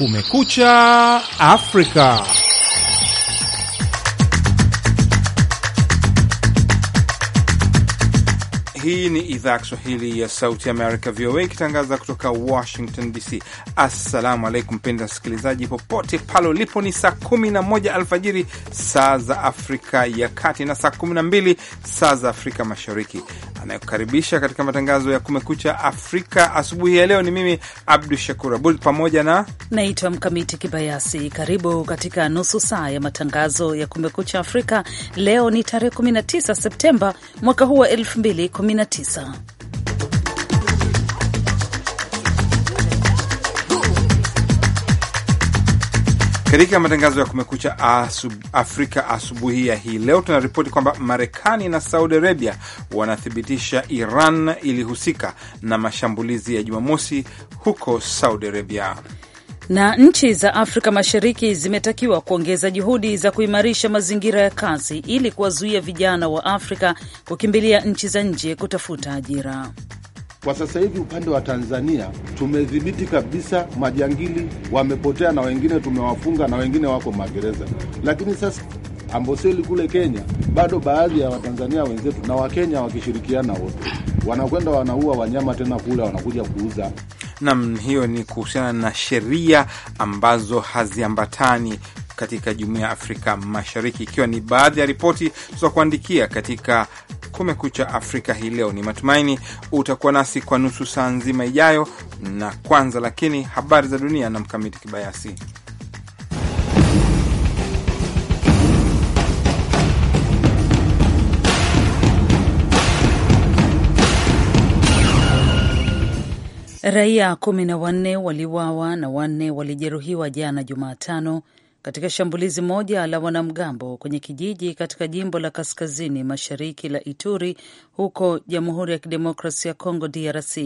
Kumekucha Afrika. Hii ni idhaa ya Kiswahili ya Sauti Amerika, VOA, ikitangaza kutoka Washington DC. Assalamu alaikum, mpenda msikilizaji, popote pale ulipo. Ni saa 11 alfajiri saa za Afrika ya Kati na saa 12 saa za Afrika Mashariki anayekukaribisha katika matangazo ya Kumekucha Afrika asubuhi ya leo. Ni mimi Abdu Shakur Abud pamoja na naitwa Mkamiti Kibayasi. Karibu katika nusu saa ya matangazo ya Kumekucha Afrika. Leo ni tarehe 19 Septemba mwaka huu wa 2019. Katika matangazo ya Kumekucha asub, Afrika asubuhi ya hii leo tunaripoti kwamba Marekani na Saudi Arabia wanathibitisha Iran ilihusika na mashambulizi ya Jumamosi huko Saudi Arabia na nchi za Afrika Mashariki zimetakiwa kuongeza juhudi za kuimarisha mazingira ya kazi ili kuwazuia vijana wa Afrika kukimbilia nchi za nje kutafuta ajira. Kwa sasa hivi upande wa Tanzania tumedhibiti kabisa, majangili wamepotea na wengine tumewafunga na wengine wako magereza, lakini sasa Amboseli kule Kenya bado baadhi ya Watanzania wenzetu na Wakenya wakishirikiana wote wanakwenda wanaua wanyama tena kule wanakuja kuuza. Nam, hiyo ni kuhusiana na sheria ambazo haziambatani katika jumuiya ya Afrika Mashariki, ikiwa ni baadhi ya ripoti kuandikia katika Kumekucha Afrika hii leo. Ni matumaini utakuwa nasi kwa nusu saa nzima ijayo, na kwanza lakini habari za dunia na Mkamiti Kibayasi. Raia kumi na wanne waliuawa na wanne walijeruhiwa jana Jumatano katika shambulizi moja la wanamgambo kwenye kijiji katika jimbo la kaskazini mashariki la Ituri huko Jamhuri ya Kidemokrasia ya Kongo DRC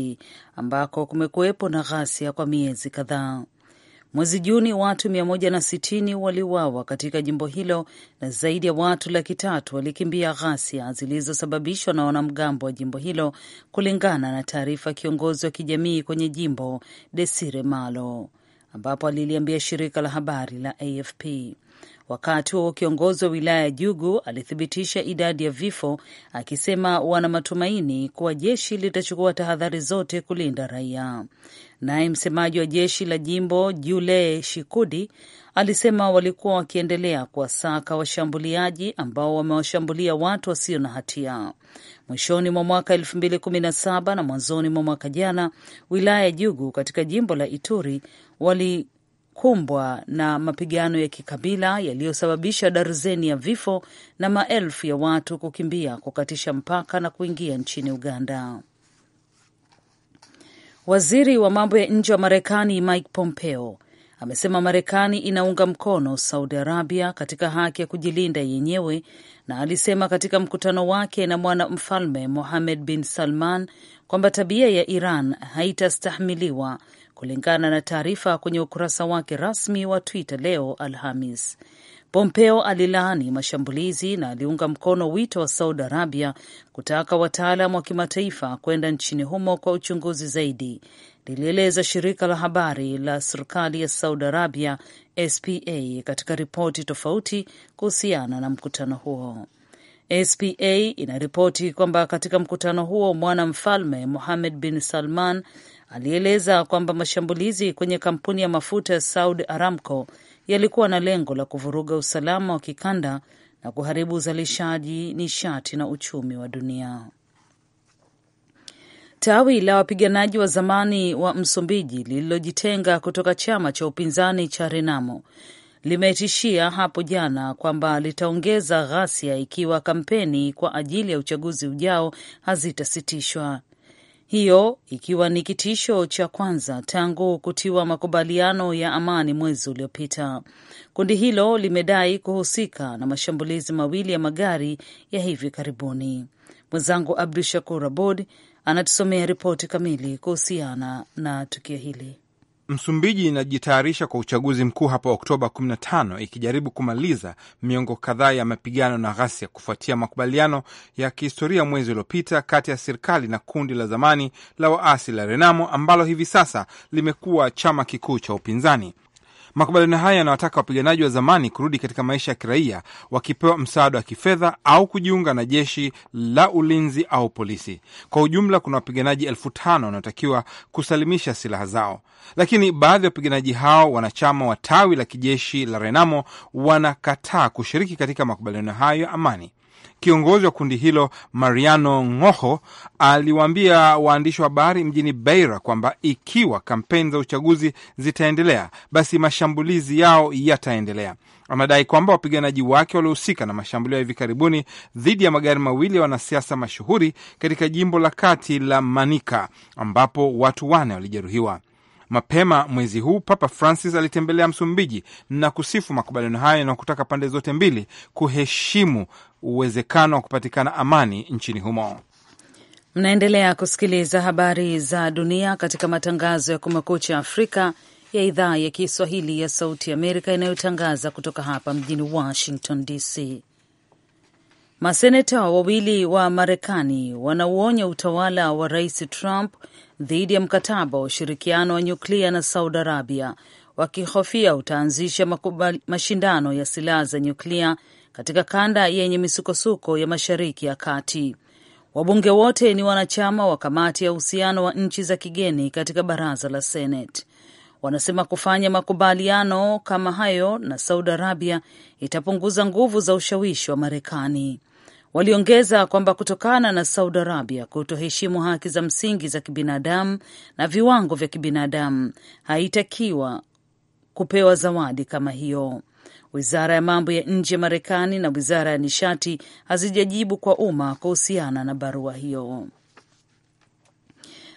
ambako kumekuwepo na ghasia kwa miezi kadhaa. Mwezi Juni watu 160 waliuawa katika jimbo hilo na zaidi ya watu laki tatu walikimbia ghasia zilizosababishwa na wanamgambo wa jimbo hilo, kulingana na taarifa ya kiongozi wa kijamii kwenye jimbo Desire Malo ambapo aliliambia shirika la habari la AFP. Wakati huo kiongozi wa wilaya ya Jugu alithibitisha idadi ya vifo, akisema wana matumaini kuwa jeshi litachukua tahadhari zote kulinda raia. Naye msemaji wa jeshi la jimbo Jule Shikudi alisema walikuwa wakiendelea kuwasaka washambuliaji ambao wamewashambulia watu wasio na hatia. Mwishoni mwa mwaka 2017 na mwanzoni mwa mwaka jana, wilaya ya Jugu katika jimbo la Ituri walikumbwa na mapigano ya kikabila yaliyosababisha darzeni ya vifo na maelfu ya watu kukimbia kukatisha mpaka na kuingia nchini Uganda. Waziri wa mambo ya nje wa Marekani Mike Pompeo amesema Marekani inaunga mkono Saudi Arabia katika haki ya kujilinda yenyewe, na alisema katika mkutano wake na mwanamfalme Mohammed bin Salman kwamba tabia ya Iran haitastahimiliwa kulingana na taarifa kwenye ukurasa wake rasmi wa Twitter leo Alhamis. Pompeo alilaani mashambulizi na aliunga mkono wito wa Saudi Arabia kutaka wataalam wa kimataifa kwenda nchini humo kwa uchunguzi zaidi, lilieleza shirika la habari la serikali ya Saudi Arabia SPA katika ripoti tofauti kuhusiana na mkutano huo. SPA inaripoti kwamba katika mkutano huo mwana mfalme Mohammed bin Salman alieleza kwamba mashambulizi kwenye kampuni ya mafuta ya Saudi Aramco yalikuwa na lengo la kuvuruga usalama wa kikanda na kuharibu uzalishaji nishati na uchumi wa dunia. Tawi la wapiganaji wa zamani wa Msumbiji lililojitenga kutoka chama cha upinzani cha Renamo limetishia hapo jana kwamba litaongeza ghasia ikiwa kampeni kwa ajili ya uchaguzi ujao hazitasitishwa hiyo ikiwa ni kitisho cha kwanza tangu kutiwa makubaliano ya amani mwezi uliopita. Kundi hilo limedai kuhusika na mashambulizi mawili ya magari ya hivi karibuni. Mwenzangu Abdu Shakur Abud anatusomea ripoti kamili kuhusiana na tukio hili. Msumbiji inajitayarisha kwa uchaguzi mkuu hapo Oktoba 15 ikijaribu kumaliza miongo kadhaa ya mapigano na ghasia kufuatia makubaliano ya kihistoria mwezi uliopita kati ya serikali na kundi la zamani la waasi la Renamo ambalo hivi sasa limekuwa chama kikuu cha upinzani. Makubaliano haya yanawataka wapiganaji wa zamani kurudi katika maisha ya kiraia wakipewa msaada wa kifedha au kujiunga na jeshi la ulinzi au polisi. Kwa ujumla, kuna wapiganaji elfu tano wanaotakiwa kusalimisha silaha zao, lakini baadhi ya wapiganaji hao wanachama wa tawi la kijeshi la Renamo wanakataa kushiriki katika makubaliano hayo ya amani. Kiongozi wa kundi hilo Mariano Ng'oho aliwaambia waandishi wa habari mjini Beira kwamba ikiwa kampeni za uchaguzi zitaendelea, basi mashambulizi yao yataendelea. Anadai kwamba wapiganaji wake waliohusika na mashambulio ya hivi karibuni dhidi ya magari mawili ya wanasiasa mashuhuri katika jimbo la kati la Manika ambapo watu wane walijeruhiwa. Mapema mwezi huu Papa Francis alitembelea Msumbiji na kusifu makubaliano hayo na kutaka pande zote mbili kuheshimu uwezekano wa kupatikana amani nchini humo. Mnaendelea kusikiliza habari za dunia katika matangazo ya Kumekucha Afrika ya idhaa ya Kiswahili ya Sauti Amerika inayotangaza kutoka hapa mjini Washington DC. Maseneta wawili wa Marekani wanauonya utawala wa Rais Trump dhidi ya mkataba wa ushirikiano wa nyuklia na Saudi Arabia, wakihofia utaanzisha mashindano ya silaha za nyuklia katika kanda yenye misukosuko ya Mashariki ya Kati. Wabunge wote ni wanachama wa kamati ya uhusiano wa nchi za kigeni katika baraza la Seneti. Wanasema kufanya makubaliano kama hayo na Saudi Arabia itapunguza nguvu za ushawishi wa Marekani. Waliongeza kwamba kutokana na Saudi Arabia kutoheshimu haki za msingi za kibinadamu na viwango vya kibinadamu, haitakiwa kupewa zawadi kama hiyo. Wizara ya mambo ya nje ya Marekani na wizara ya nishati hazijajibu kwa umma kuhusiana na barua hiyo.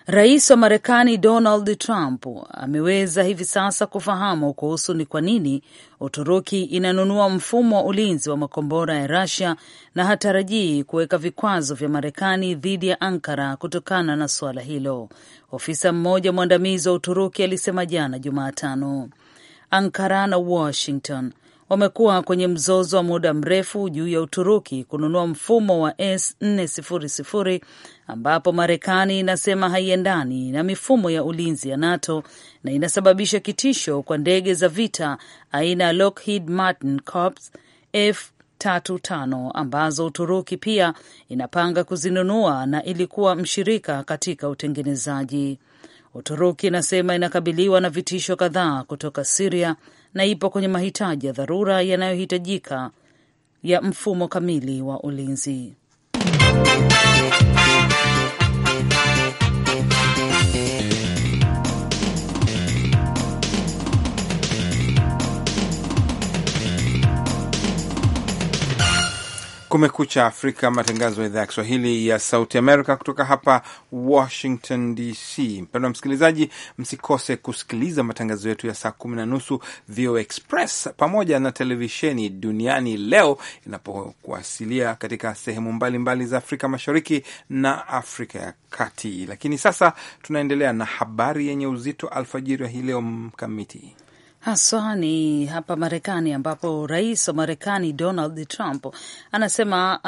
Rais wa Marekani Donald Trump ameweza hivi sasa kufahamu kuhusu ni kwa nini Uturuki inanunua mfumo wa ulinzi wa makombora ya rasia na hatarajii kuweka vikwazo vya Marekani dhidi ya Ankara kutokana na suala hilo. Ofisa mmoja mwandamizi wa Uturuki alisema jana Jumatano. Ankara na Washington wamekuwa kwenye mzozo wa muda mrefu juu ya Uturuki kununua mfumo wa S400 ambapo Marekani inasema haiendani na mifumo ya ulinzi ya NATO na inasababisha kitisho kwa ndege za vita aina ya Lockheed Martin Corps F 35 ambazo Uturuki pia inapanga kuzinunua na ilikuwa mshirika katika utengenezaji. Uturuki inasema inakabiliwa na vitisho kadhaa kutoka Siria na ipo kwenye mahitaji ya dharura yanayohitajika ya mfumo kamili wa ulinzi. Kumekucha Afrika, matangazo ya idhaa ya Kiswahili ya Sauti Amerika kutoka hapa Washington DC. Mpendwa msikilizaji, msikose kusikiliza matangazo yetu ya saa kumi na nusu VOA Express pamoja na televisheni Duniani Leo inapokuwasilia katika sehemu mbalimbali mbali za Afrika Mashariki na Afrika ya Kati. Lakini sasa tunaendelea na habari yenye uzito alfajiri ya hii leo, Mkamiti haswa ni hapa Marekani ambapo rais wa Marekani Donald Trump anasema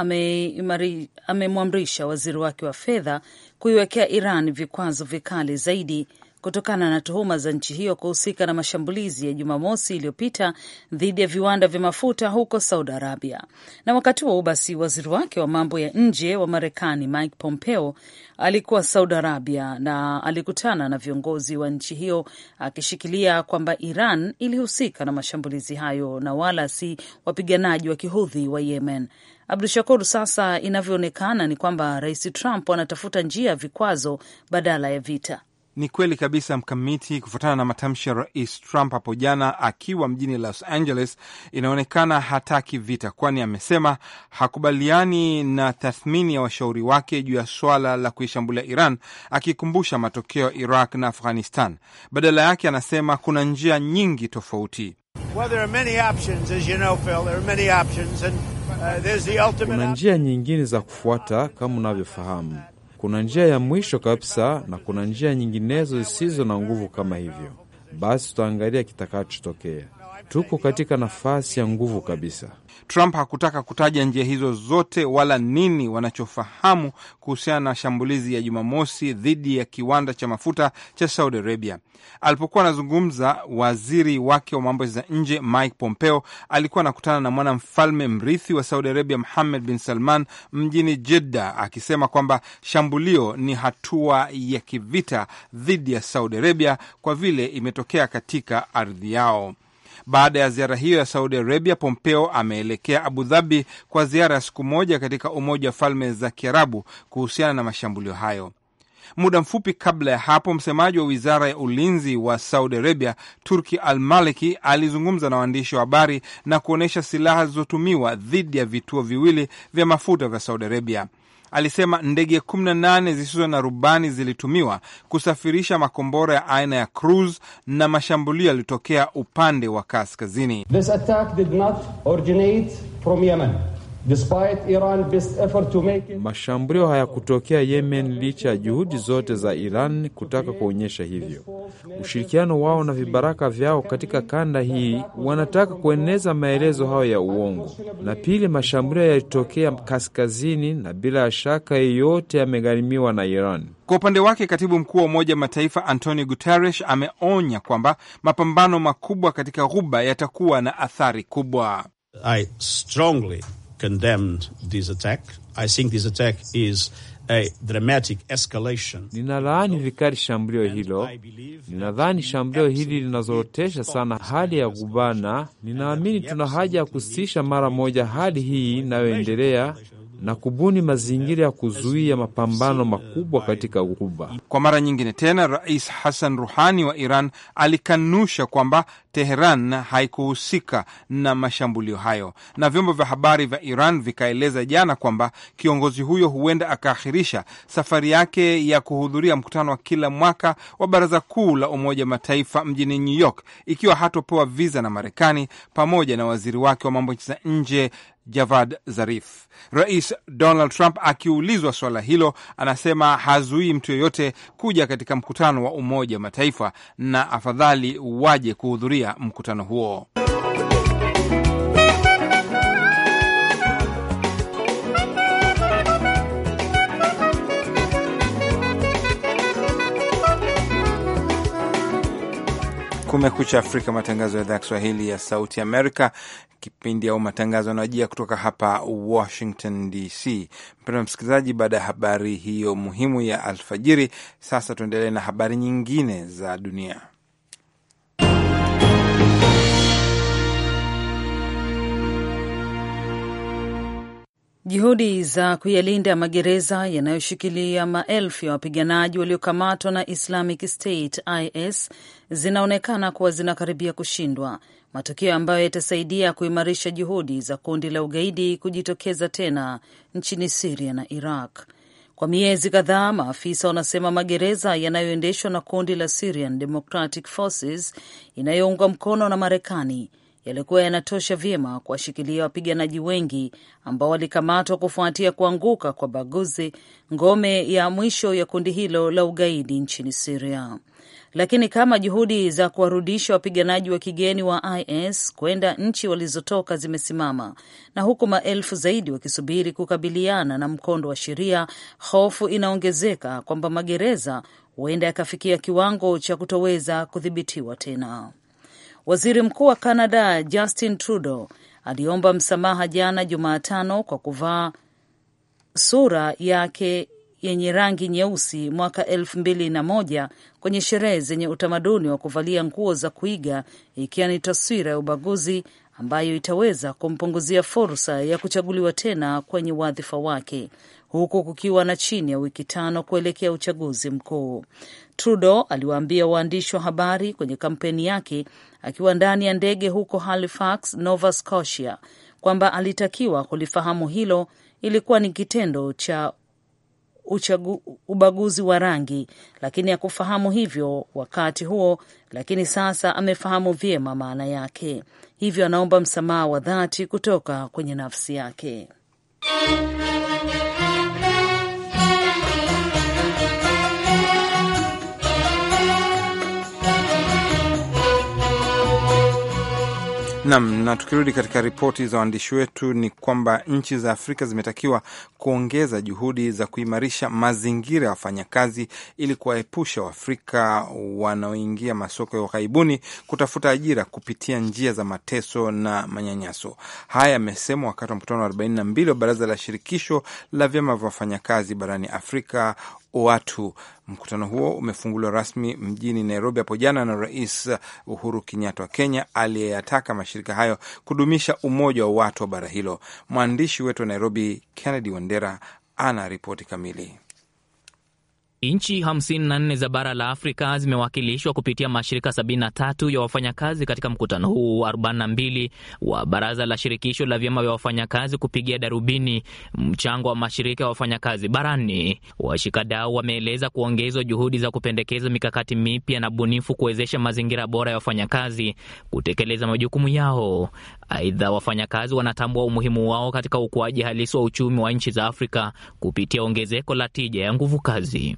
amemwamrisha waziri wake wa fedha kuiwekea Iran vikwazo vikali zaidi kutokana na tuhuma za nchi hiyo kuhusika na mashambulizi ya Jumamosi iliyopita dhidi ya viwanda vya mafuta huko Saudi Arabia. Na wakati huo basi, waziri wake wa mambo ya nje wa Marekani Mike Pompeo alikuwa Saudi Arabia na alikutana na viongozi wa nchi hiyo akishikilia kwamba Iran ilihusika na mashambulizi hayo na wala si wapiganaji wa kihudhi wa Yemen. Abdu Shakur, sasa inavyoonekana ni kwamba Rais Trump anatafuta njia ya vikwazo badala ya vita. Ni kweli kabisa mkamiti. Kufuatana na matamshi ya rais Trump hapo jana akiwa mjini Los Angeles, inaonekana hataki vita, kwani amesema hakubaliani na tathmini ya washauri wake juu ya swala la kuishambulia Iran, akikumbusha matokeo ya Iraq na Afghanistan. Badala yake anasema kuna njia nyingi tofauti. Well, uh, kuna njia nyingine za kufuata kama unavyofahamu kuna njia ya mwisho kabisa na kuna njia nyinginezo zisizo na nguvu kama hivyo. Basi tutaangalia kitakachotokea. Tuko katika nafasi ya nguvu kabisa. Trump hakutaka kutaja njia hizo zote wala nini wanachofahamu kuhusiana na shambulizi ya Jumamosi dhidi ya kiwanda cha mafuta cha Saudi Arabia. Alipokuwa anazungumza, waziri wake wa mambo za nje Mike Pompeo alikuwa anakutana na mwanamfalme mrithi wa Saudi Arabia Muhammad bin Salman mjini Jeddah, akisema kwamba shambulio ni hatua ya kivita dhidi ya Saudi Arabia kwa vile imetokea katika ardhi yao. Baada ya ziara hiyo ya Saudi Arabia, Pompeo ameelekea Abu Dhabi kwa ziara ya siku moja katika Umoja wa Falme za Kiarabu kuhusiana na mashambulio hayo. Muda mfupi kabla ya hapo, msemaji wa wizara ya ulinzi wa Saudi Arabia, Turki Al Maliki, alizungumza na waandishi wa habari na kuonyesha silaha zilizotumiwa dhidi ya vituo viwili vya mafuta vya Saudi Arabia alisema ndege 18 zisizo na rubani zilitumiwa kusafirisha makombora ya aina ya cruise na mashambulio yalitokea upande wa kaskazini. This attack did not originate from Yemen. Mashambulio haya kutokea Yemen licha ya juhudi zote za Iran kutaka kuonyesha hivyo. Ushirikiano wao na vibaraka vyao katika kanda hii wanataka kueneza maelezo hayo ya uongo. Na pili, mashambulio yalitokea kaskazini na bila shaka yeyote yamegharimiwa na Iran. Kwa upande wake katibu mkuu wa Umoja Mataifa Antonio Guterres ameonya kwamba mapambano makubwa katika Ghuba yatakuwa na athari kubwa. I strongly condemned this attack. I think this attack is a dramatic escalation. Ninalaani vikali shambulio hilo. Ninadhani shambulio hili linazorotesha sana hali ya kubana. Ninaamini tuna haja ya kusitisha mara moja hali hii inayoendelea na kubuni mazingira ya kuzuia mapambano makubwa katika Ghuba. Kwa mara nyingine tena, Rais Hassan Ruhani wa Iran alikanusha kwamba Teheran haikuhusika na mashambulio hayo, na vyombo vya habari vya Iran vikaeleza jana kwamba kiongozi huyo huenda akaahirisha safari yake ya kuhudhuria mkutano wa kila mwaka wa Baraza Kuu la Umoja Mataifa mjini New York ikiwa hatopewa viza na Marekani pamoja na waziri wake wa mambo ya nje Javad Zarif. Rais Donald Trump akiulizwa suala hilo, anasema hazuii mtu yoyote kuja katika mkutano wa Umoja wa Mataifa na afadhali waje kuhudhuria mkutano huo. Kumekucha Afrika, matangazo ya idhaa ya Kiswahili ya Sauti Amerika. Kipindi au matangazo yanayojia kutoka hapa Washington DC. Mpendwa msikilizaji, baada ya habari hiyo muhimu ya alfajiri, sasa tuendelee na habari nyingine za dunia. Juhudi za kuyalinda magereza yanayoshikilia maelfu ya wapiganaji waliokamatwa na Islamic State IS zinaonekana kuwa zinakaribia kushindwa, matokeo ambayo yatasaidia kuimarisha juhudi za kundi la ugaidi kujitokeza tena nchini Siria na Iraq. Kwa miezi kadhaa, maafisa wanasema magereza yanayoendeshwa na kundi la Syrian Democratic Forces inayoungwa mkono na Marekani yalikuwa yanatosha vyema kuwashikilia wapiganaji wengi ambao walikamatwa kufuatia kuanguka kwa Baguzi, ngome ya mwisho ya kundi hilo la ugaidi nchini Siria. Lakini kama juhudi za kuwarudisha wapiganaji wa kigeni wa IS kwenda nchi walizotoka zimesimama, na huku maelfu zaidi wakisubiri kukabiliana na mkondo wa sheria, hofu inaongezeka kwamba magereza huenda yakafikia kiwango cha kutoweza kudhibitiwa tena. Waziri Mkuu wa Canada Justin Trudeau aliomba msamaha jana Jumatano kwa kuvaa sura yake yenye rangi nyeusi mwaka elfu mbili na moja kwenye sherehe zenye utamaduni wa kuvalia nguo za kuiga ikiwa ni taswira ya ubaguzi ambayo itaweza kumpunguzia fursa ya kuchaguliwa tena kwenye wadhifa wake huku kukiwa na chini ya wiki tano kuelekea uchaguzi mkuu. Trudeau aliwaambia waandishi wa habari kwenye kampeni yake akiwa ndani ya ndege huko Halifax, Nova Scotia, kwamba alitakiwa kulifahamu hilo ilikuwa ni kitendo cha uchagu, ubaguzi wa rangi, lakini hakufahamu hivyo wakati huo, lakini sasa amefahamu vyema maana yake. Hivyo anaomba msamaha wa dhati kutoka kwenye nafsi yake. Nam, na tukirudi katika ripoti za waandishi wetu ni kwamba nchi za Afrika zimetakiwa kuongeza juhudi za kuimarisha mazingira ya wafanyakazi ili kuwaepusha Waafrika wanaoingia masoko ya ughaibuni kutafuta ajira kupitia njia za mateso na manyanyaso. Haya yamesemwa wakati wa mkutano wa 42 wa Baraza la Shirikisho la Vyama vya Wafanyakazi barani Afrika watu. Mkutano huo umefunguliwa rasmi mjini Nairobi hapo jana na Rais Uhuru Kenyatta wa Kenya, aliyeyataka mashirika hayo kudumisha umoja wa watu wa bara hilo. Mwandishi wetu wa Nairobi, Kennedy Wandera, ana ripoti kamili. Nchi 54 za bara la Afrika zimewakilishwa kupitia mashirika 73 ya wafanyakazi katika mkutano huu 42 wa baraza la shirikisho la vyama vya wafanyakazi kupigia darubini mchango wa mashirika ya wafanyakazi barani. Washikadau wameeleza kuongezwa juhudi za kupendekeza mikakati mipya na bunifu kuwezesha mazingira bora ya wafanyakazi kutekeleza majukumu yao. Aidha, wafanyakazi wanatambua umuhimu wao katika ukuaji halisi wa uchumi wa nchi za Afrika kupitia ongezeko la tija ya nguvu kazi.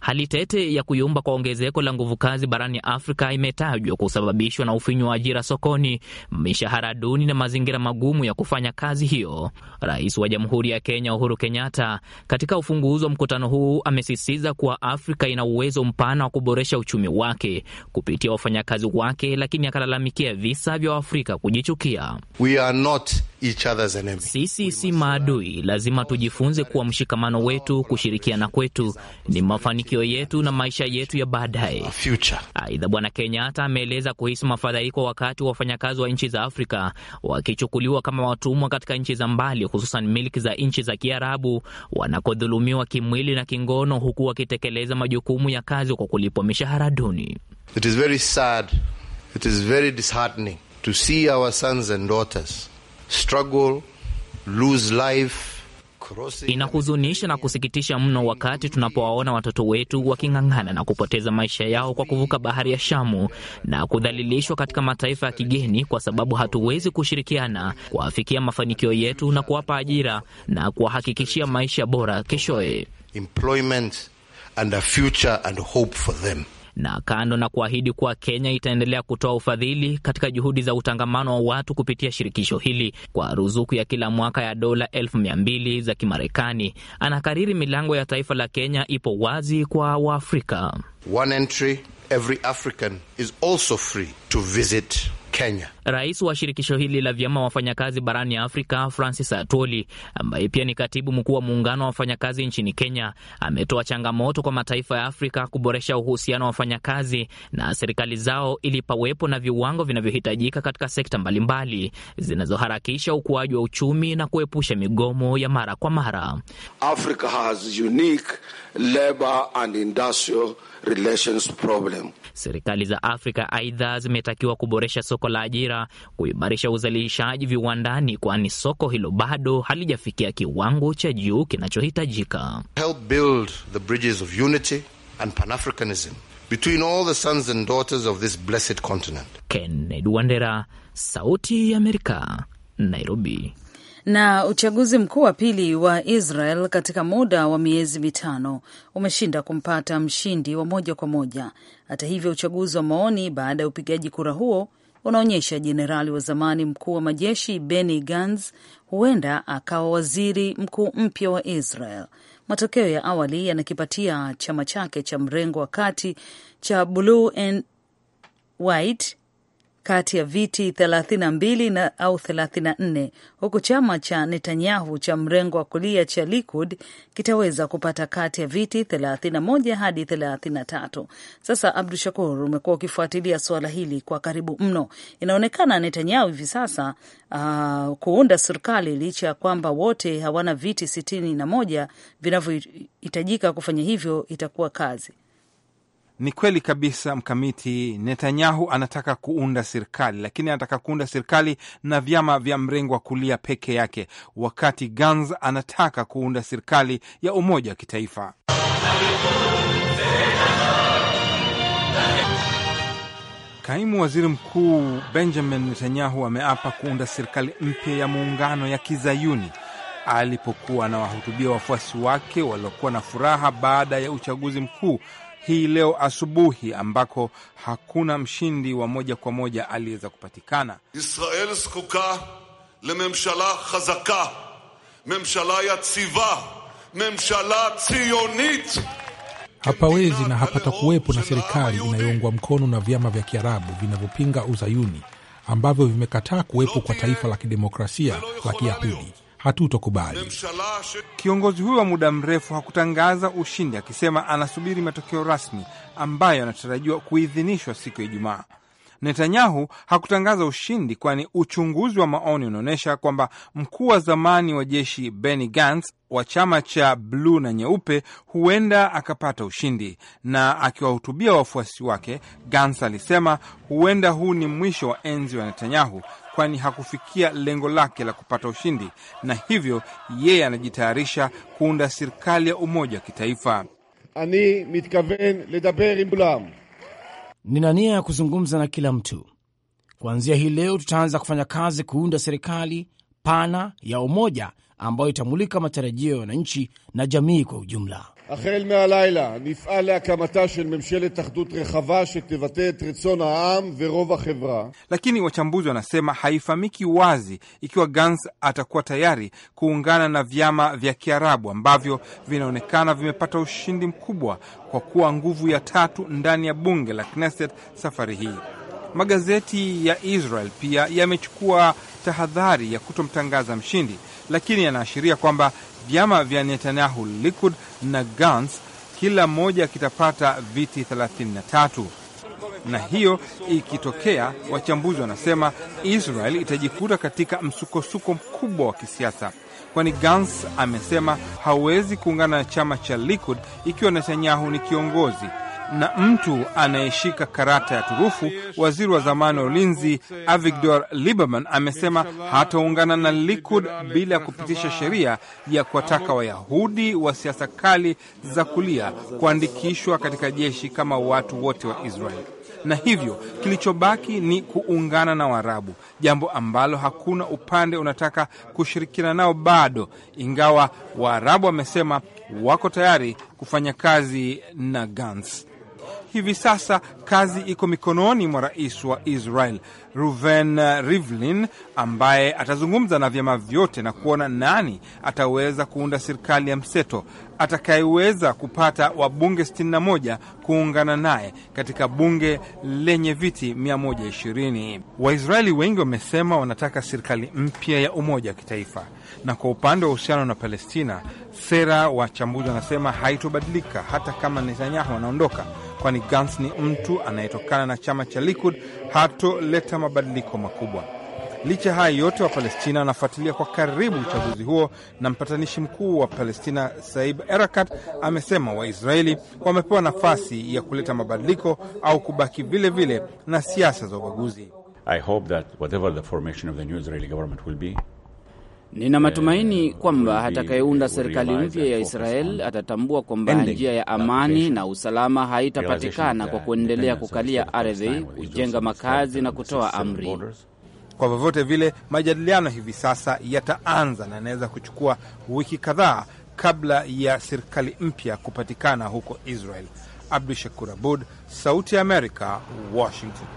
Hali tete ya kuyumba kwa ongezeko la nguvu kazi barani Afrika imetajwa kusababishwa na ufinyu wa ajira sokoni, mishahara duni na mazingira magumu ya kufanya kazi hiyo. Rais wa Jamhuri ya Kenya Uhuru Kenyatta, katika ufunguzi wa mkutano huu, amesisitiza kuwa Afrika ina uwezo mpana wa kuboresha uchumi wake kupitia wafanyakazi wake, lakini akalalamikia visa vya Waafrika kujichukia. We are not each other's enemy. Sisi si maadui, lazima tujifunze kuwa mshikamano wetu, kushirikiana kwetu ni mafanikio mafanikio yetu na maisha yetu ya baadaye. Aidha, Bwana Kenyatta ameeleza kuhisi mafadhaiko wakati wa wafanyakazi wa nchi za Afrika wakichukuliwa kama watumwa katika nchi za mbali, hususan milki za nchi za Kiarabu, wanakodhulumiwa kimwili na kingono, huku wakitekeleza majukumu ya kazi kwa kulipwa mishahara duni. It is very sad. It is very disheartening to see our sons and daughters struggle, lose life Inahuzunisha na kusikitisha mno wakati tunapowaona watoto wetu waking'ang'ana na kupoteza maisha yao kwa kuvuka bahari ya Shamu na kudhalilishwa katika mataifa ya kigeni, kwa sababu hatuwezi kushirikiana kuafikia mafanikio yetu na kuwapa ajira na kuwahakikishia maisha bora keshoye na kando na kuahidi kuwa Kenya itaendelea kutoa ufadhili katika juhudi za utangamano wa watu kupitia shirikisho hili kwa ruzuku ya kila mwaka ya dola elfu mia mbili za Kimarekani, anakariri milango ya taifa la Kenya ipo wazi kwa Waafrika. One entry every African is also free to visit Kenya. Rais wa shirikisho hili la vyama wafanyakazi barani Afrika Francis Atoli, ambaye pia ni katibu mkuu wa muungano wa wafanyakazi nchini Kenya, ametoa changamoto kwa mataifa ya Afrika kuboresha uhusiano wa wafanyakazi na serikali zao ili pawepo na viwango vinavyohitajika katika sekta mbalimbali zinazoharakisha ukuaji wa uchumi na kuepusha migomo ya mara kwa mara. Africa has unique labor and industrial relations problem. Serikali za Afrika aidha zimetakiwa kuboresha soko soko la ajira, kuimarisha uzalishaji viwandani, kwani soko hilo bado halijafikia kiwango cha juu kinachohitajika. Help build the bridges of unity and Pan-Africanism between all the sons and daughters of this blessed continent. Kennedy Wandera, Sauti ya Amerika, Nairobi. Na uchaguzi mkuu wa pili wa Israel katika muda wa miezi mitano umeshinda kumpata mshindi wa moja kwa moja. Hata hivyo, uchaguzi wa maoni baada ya upigaji kura huo unaonyesha jenerali wa zamani mkuu wa majeshi Benny Gantz huenda akawa waziri mkuu mpya wa Israel. Matokeo ya awali yanakipatia chama chake cha mrengo wa kati cha Blue and White kati ya viti 32 na au 34 huku chama cha Netanyahu cha mrengo wa kulia cha Likud kitaweza kupata kati ya viti 31 hadi 33. Sasa, Abdu Shakur, umekuwa ukifuatilia suala hili kwa karibu mno. Inaonekana Netanyahu hivi sasa uh, kuunda serikali licha ya kwamba wote hawana viti sitini na moja vinavyohitajika kufanya hivyo, itakuwa kazi ni kweli kabisa mkamiti. Netanyahu anataka kuunda serikali, lakini anataka kuunda serikali na vyama vya mrengo wa kulia peke yake, wakati Gans anataka kuunda serikali ya umoja wa kitaifa. Kaimu waziri mkuu Benjamin Netanyahu ameapa kuunda serikali mpya ya muungano ya kizayuni alipokuwa anawahutubia wafuasi wake waliokuwa na furaha baada ya uchaguzi mkuu hii leo asubuhi, ambako hakuna mshindi wa moja kwa moja aliyeweza kupatikana. Israel zkuka lememshala khazaka memshala yatsiva memshala tsiyonit Hapawezi na hapatakuwepo na serikali inayoungwa mkono na vyama vya Kiarabu vinavyopinga uzayuni ambavyo vimekataa kuwepo kwa taifa la kidemokrasia la Kiyahudi hatutokubali. Kiongozi huyo wa muda mrefu hakutangaza ushindi, akisema anasubiri matokeo rasmi ambayo yanatarajiwa kuidhinishwa siku ya Ijumaa. Netanyahu hakutangaza ushindi, kwani uchunguzi wa maoni unaonyesha kwamba mkuu wa zamani wa jeshi Benny Gantz wa chama cha bluu na nyeupe huenda akapata ushindi. Na akiwahutubia wafuasi wake, Gantz alisema huenda huu ni mwisho wa enzi wa Netanyahu, kwani hakufikia lengo lake la kupata ushindi, na hivyo yeye anajitayarisha kuunda serikali ya umoja wa kitaifa. ani mitkaven ledaber im kulam, nina nia ya kuzungumza na kila mtu. Kuanzia hii leo tutaanza kufanya kazi kuunda serikali pana ya umoja ambayo itamulika matarajio ya wananchi na jamii kwa ujumla. החל מהלילה נפעל להקמתה של ממשלת אחדות רחבה שתבטא את רצון העם ורוב החברה. Lakini wachambuzi wanasema haifamiki wazi ikiwa Gans atakuwa tayari kuungana na vyama vya Kiarabu ambavyo vinaonekana vimepata ushindi mkubwa kwa kuwa nguvu ya tatu ndani ya bunge la Knesset safari hii. Magazeti ya Israel pia yamechukua tahadhari ya kutomtangaza mshindi, lakini yanaashiria kwamba Vyama vya Netanyahu, Likud na gans kila mmoja kitapata viti 33 na hiyo ikitokea, wachambuzi wanasema Israel itajikuta katika msukosuko mkubwa wa kisiasa, kwani gans amesema hawezi kuungana na chama cha Likud ikiwa Netanyahu ni kiongozi na mtu anayeshika karata ya turufu. Waziri wa zamani wa ulinzi Avigdor Lieberman amesema hataungana na Likud bila ya kupitisha sheria ya kuwataka Wayahudi wa, siasa kali za kulia kuandikishwa katika jeshi kama watu wote wa Israeli na hivyo kilichobaki ni kuungana na Waarabu, jambo ambalo hakuna upande unataka kushirikiana nao bado, ingawa Waarabu wamesema wako tayari kufanya kazi na Gantz hivi sasa kazi iko mikononi mwa rais wa Israel Ruven Rivlin, ambaye atazungumza na vyama vyote na kuona nani ataweza kuunda serikali ya mseto atakayeweza kupata wabunge 61 kuungana naye katika bunge lenye viti 120. Waisraeli wengi wamesema wanataka serikali mpya ya umoja wa kitaifa. Na kwa upande wa uhusiano na Palestina, sera wachambuzi wanasema haitobadilika hata kama Netanyahu anaondoka kwani Gantz ni mtu anayetokana na chama cha Likud, hatoleta mabadiliko makubwa. Licha haya yote, Wapalestina wanafuatilia kwa karibu uchaguzi huo, na mpatanishi mkuu wa Palestina Saib Erakat amesema Waisraeli wamepewa nafasi ya kuleta mabadiliko au kubaki vile vile na siasa za ubaguzi. I hope that whatever the formation of the new Israeli government will be Nina matumaini kwamba atakayeunda serikali mpya ya Israel atatambua kwamba njia ya amani na usalama haitapatikana kwa kuendelea kukalia ardhi, kujenga makazi na kutoa amri. Kwa vyovyote vile, majadiliano hivi sasa yataanza na yanaweza kuchukua wiki kadhaa kabla ya serikali mpya kupatikana huko Israel. Abdu Shakur Abud, Sauti ya Amerika, Washington.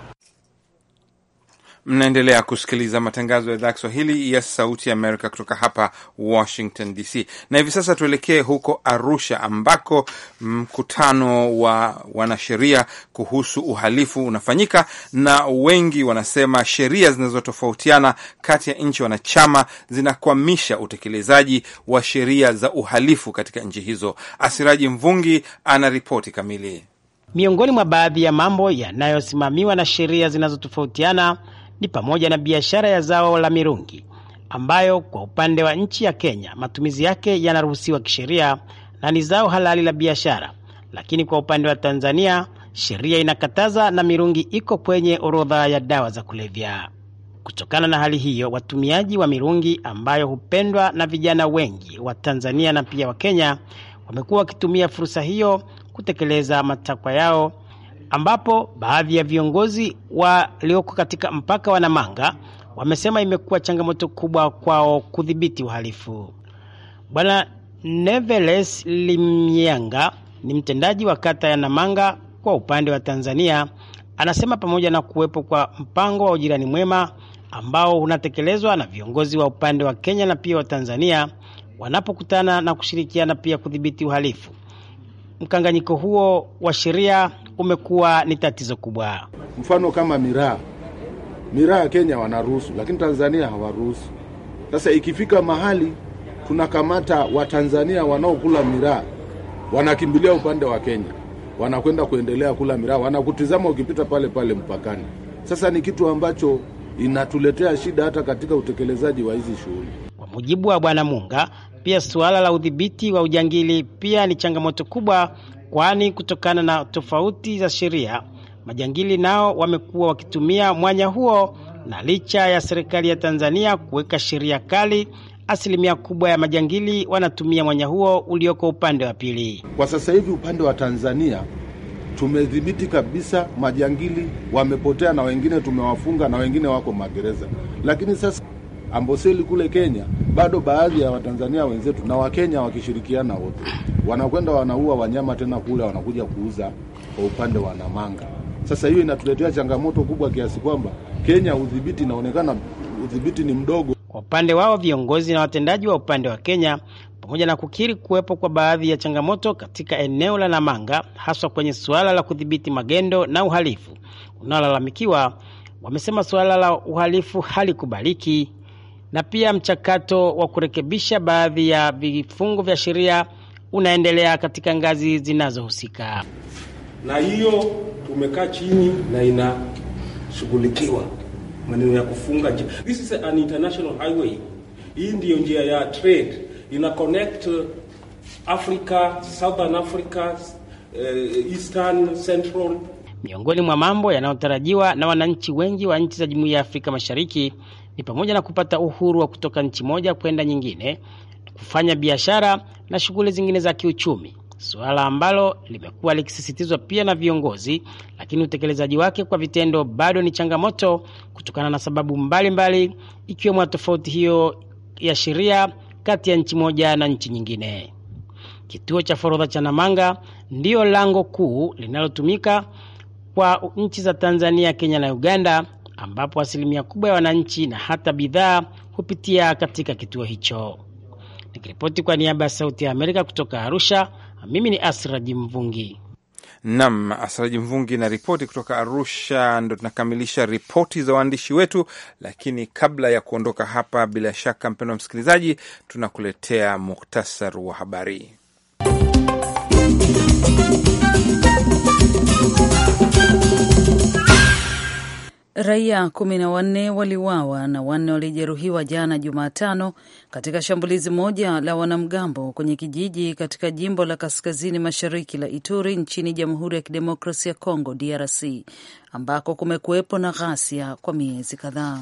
Mnaendelea kusikiliza matangazo ya idhaa ya Kiswahili ya Sauti ya Amerika kutoka hapa Washington DC, na hivi sasa tuelekee huko Arusha ambako mkutano wa wanasheria kuhusu uhalifu unafanyika, na wengi wanasema sheria zinazotofautiana kati ya nchi wanachama zinakwamisha utekelezaji wa sheria za uhalifu katika nchi hizo. Asiraji Mvungi ana ripoti kamili. Miongoni mwa baadhi ya mambo yanayosimamiwa na sheria zinazotofautiana ni pamoja na biashara ya zao la mirungi ambayo kwa upande wa nchi ya Kenya matumizi yake yanaruhusiwa kisheria na ni zao halali la biashara, lakini kwa upande wa Tanzania sheria inakataza na mirungi iko kwenye orodha ya dawa za kulevya. Kutokana na hali hiyo, watumiaji wa mirungi ambayo hupendwa na vijana wengi wa Tanzania na pia wa Kenya wamekuwa wakitumia fursa hiyo kutekeleza matakwa yao ambapo baadhi ya viongozi walioko katika mpaka wa Namanga wamesema imekuwa changamoto kubwa kwao kudhibiti uhalifu. Bwana Neveles Limyanga ni mtendaji wa kata ya Namanga kwa upande wa Tanzania, anasema pamoja na kuwepo kwa mpango wa ujirani mwema ambao unatekelezwa na viongozi wa upande wa Kenya na pia wa Tanzania wanapokutana na kushirikiana pia kudhibiti uhalifu, mkanganyiko huo wa sheria umekuwa ni tatizo kubwa. Mfano kama miraa, miraa Kenya wanaruhusu, lakini Tanzania hawaruhusu. Sasa ikifika mahali tunakamata Watanzania wanaokula miraa, wanakimbilia upande wa Kenya, wanakwenda kuendelea kula miraa, wanakutizama ukipita pale pale mpakani. Sasa ni kitu ambacho inatuletea shida hata katika utekelezaji wa hizi shughuli. Kwa mujibu wa Bwana Munga, pia suala la udhibiti wa ujangili pia ni changamoto kubwa kwani kutokana na tofauti za sheria majangili nao wamekuwa wakitumia mwanya huo, na licha ya serikali ya Tanzania kuweka sheria kali, asilimia kubwa ya majangili wanatumia mwanya huo ulioko upande wa pili. Kwa sasa hivi upande wa Tanzania tumedhibiti kabisa, majangili wamepotea, na wengine tumewafunga, na wengine wako magereza, lakini sasa Amboseli kule Kenya, bado baadhi ya Watanzania wenzetu na Wakenya wakishirikiana wote wanakwenda wanaua wanyama tena kule wanakuja kuuza kwa upande wa Namanga. Sasa hiyo inatuletea changamoto kubwa kiasi kwamba Kenya udhibiti inaonekana udhibiti ni mdogo. Kwa upande wao viongozi na watendaji wa upande wa Kenya pamoja na kukiri kuwepo kwa baadhi ya changamoto katika eneo la Namanga, haswa kwenye suala la kudhibiti magendo na uhalifu unaolalamikiwa, wamesema suala la uhalifu halikubaliki na pia mchakato wa kurekebisha baadhi ya vifungu vya sheria unaendelea katika ngazi zinazohusika. Na hiyo tumekaa chini na inashughulikiwa maneno ya kufunga This is an international highway. Hii ndiyo njia ya trade ina connect uh, Africa, Southern Africa, uh, Eastern, Central. Miongoni mwa mambo yanayotarajiwa na wananchi wengi wa nchi za Jumuiya ya Afrika Mashariki ni pamoja na kupata uhuru wa kutoka nchi moja kwenda nyingine, kufanya biashara na shughuli zingine za kiuchumi, suala ambalo limekuwa likisisitizwa pia na viongozi, lakini utekelezaji wake kwa vitendo bado ni changamoto kutokana na sababu mbalimbali, ikiwemo tofauti hiyo ya sheria kati ya nchi moja na nchi nyingine. Kituo cha forodha cha Namanga ndiyo lango kuu linalotumika kwa nchi za Tanzania, Kenya na Uganda ambapo asilimia kubwa ya wananchi na hata bidhaa hupitia katika kituo hicho. Nikiripoti kwa niaba ya Sauti ya Amerika kutoka Arusha, mimi ni Asraji Mvungi. Nam Asraji Mvungi na ripoti kutoka Arusha. Ndo tunakamilisha ripoti za waandishi wetu, lakini kabla ya kuondoka hapa, bila shaka, wa msikilizaji, tunakuletea muktasar wa habari. Raia kumi na wanne waliuawa na wanne walijeruhiwa jana Jumatano katika shambulizi moja la wanamgambo kwenye kijiji katika jimbo la kaskazini mashariki la Ituri nchini Jamhuri ya Kidemokrasia ya Kongo DRC ambako kumekuwepo na ghasia kwa miezi kadhaa.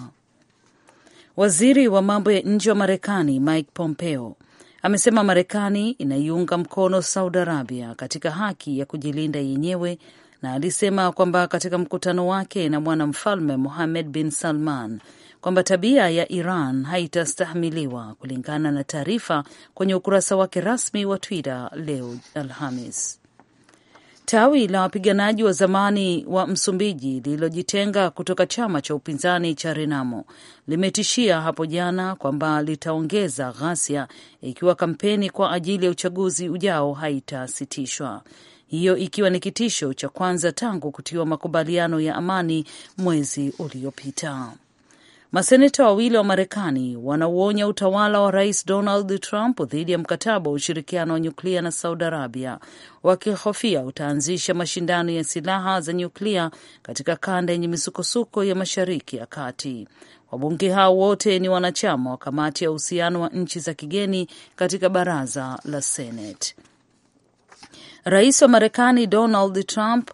Waziri wa mambo ya nje wa Marekani Mike Pompeo amesema Marekani inaiunga mkono Saudi Arabia katika haki ya kujilinda yenyewe na alisema kwamba katika mkutano wake na mwanamfalme Mohammed bin Salman kwamba tabia ya Iran haitastahimiliwa, kulingana na taarifa kwenye ukurasa wake rasmi wa Twitter leo Alhamis. Tawi la wapiganaji wa zamani wa Msumbiji lililojitenga kutoka chama cha upinzani cha Renamo limetishia hapo jana kwamba litaongeza ghasia ikiwa kampeni kwa ajili ya uchaguzi ujao haitasitishwa hiyo ikiwa ni kitisho cha kwanza tangu kutiwa makubaliano ya amani mwezi uliopita. Maseneta wawili wa Marekani wanauonya utawala wa Rais Donald Trump dhidi ya mkataba wa ushirikiano wa nyuklia na Saudi Arabia, wakihofia utaanzisha mashindano ya silaha za nyuklia katika kanda yenye misukosuko ya Mashariki ya Kati. Wabunge hao wote ni wanachama wa kamati ya uhusiano wa nchi za kigeni katika baraza la Senate. Rais wa Marekani Donald Trump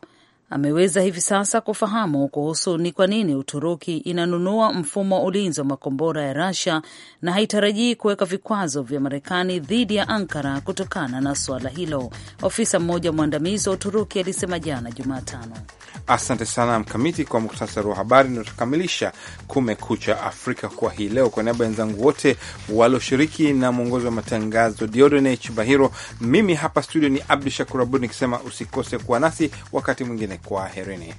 ameweza hivi sasa kufahamu kuhusu ni kwa nini Uturuki inanunua mfumo wa ulinzi wa makombora ya rasia na haitarajii kuweka vikwazo vya Marekani dhidi ya Ankara kutokana na suala hilo, ofisa mmoja mwandamizi wa Uturuki alisema jana Jumatano. Asante sana Mkamiti kwa muktasari wa habari. Natukamilisha Kumekucha Afrika kwa hii leo. Kwa niaba ya wenzangu wote walioshiriki na mwongozi wa matangazo Diodone Chibahiro, mimi hapa studio ni Abdu Shakur Abud nikisema usikose kuwa nasi wakati mwingine. Kwaherini.